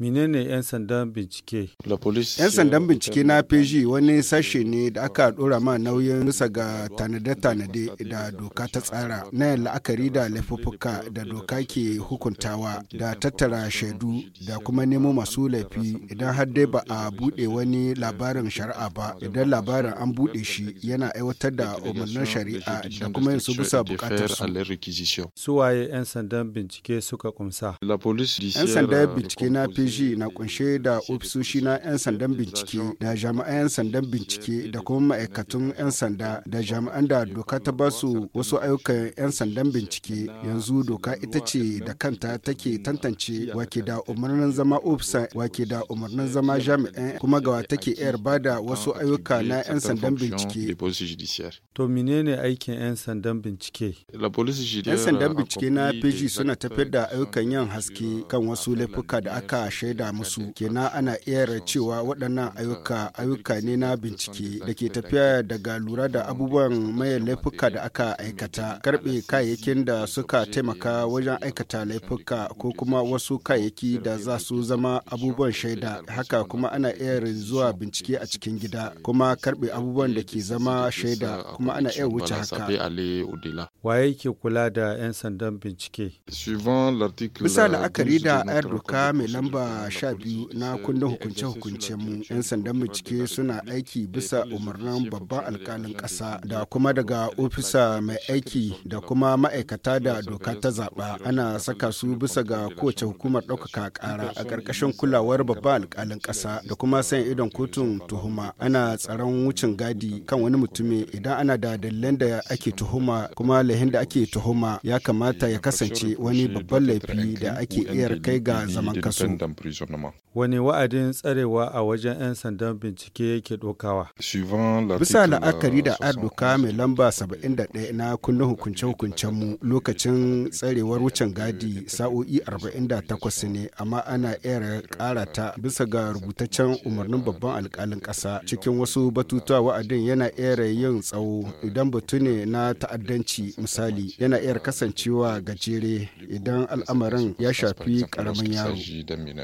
menene 'yan sandan bincike? 'yan sandan bincike na feji wani sashe ne da aka dora ma nauyin bisa ga tanade-tanade da doka ta tsara na yin la'akari da laifuffuka da doka ke hukuntawa da tattara shaidu da kuma nemo masu laifi idan har dai ba a buɗe wani labarin shari'a ba idan labarin an buɗe shi yana aiwatar da umarnin shari'a da kuma yin su bisa bukatar su. suwaye 'yan sandan bincike suka kumsa? 'yan sandan bincike na Niger na kunshe da ofisoshi na 'yan sandan bincike da jami'an 'yan sandan bincike da kuma ma'aikatun 'yan sanda da jami'an da doka ta ba su wasu ayyukan 'yan sandan bincike yanzu doka ita ce da kanta take tantance wake da umarnin zama ofisa wake da umarnin zama jami'an kuma gawa take yar da wasu ayyuka na 'yan sandan bincike. To menene aikin 'yan sandan bincike? 'Yan sandan bincike na PG suna tafiyar da ayyukan yin haske kan wasu laifuka da aka shaida musu kenan ana iya cewa waɗannan ayyuka ayyuka ne na bincike da ke tafiya daga lura da abubuwan mai laifuka da aka aikata karɓe kayayyakin da suka taimaka wajen aikata laifuka ko kuma wasu kayayyaki da za su zama abubuwan shaida haka kuma ana iya zuwa bincike a cikin gida kuma karɓe abubuwan da ke zama shaida kuma ana iya wuce haka waye ke kula da 'yan sandan bincike bisa la'akari da ayar doka mai lamba zuwa sha biyu na kundin hukunce-hukuncen mu 'yan sandan bincike suna aiki bisa umarnin babban alkalin ƙasa da kuma daga ofisa mai aiki da kuma ma'aikata da doka ta zaɓa ana saka su bisa ga kowace hukumar ɗaukaka ƙara a ƙarƙashin kulawar babban alkalin ƙasa da kuma san idon kotun tuhuma ana tsaron wucin gadi kan wani mutumi idan ana da dalilan da ake tuhuma kuma lahin da ake tuhuma ya kamata ya kasance wani babban laifi da ake iya kai ga zaman kaso. Wani wa'adin tsarewa a wajen 'yan sandan bincike yake dokawa? Bisa la'akari da arduka mai lamba 71 na kundin hukunce-hukuncen mu lokacin tsarewar wucin gadi sa'o'i 48 ne amma ana iya ƙara ta bisa ga rubutaccen umarnin babban alƙalin ƙasa cikin wasu batutuwa wa'adin yana iya yin tsawo idan batu ne na ta'addanci misali yana iya kasancewa gajere idan al'amarin ya shafi ƙaramin yaro.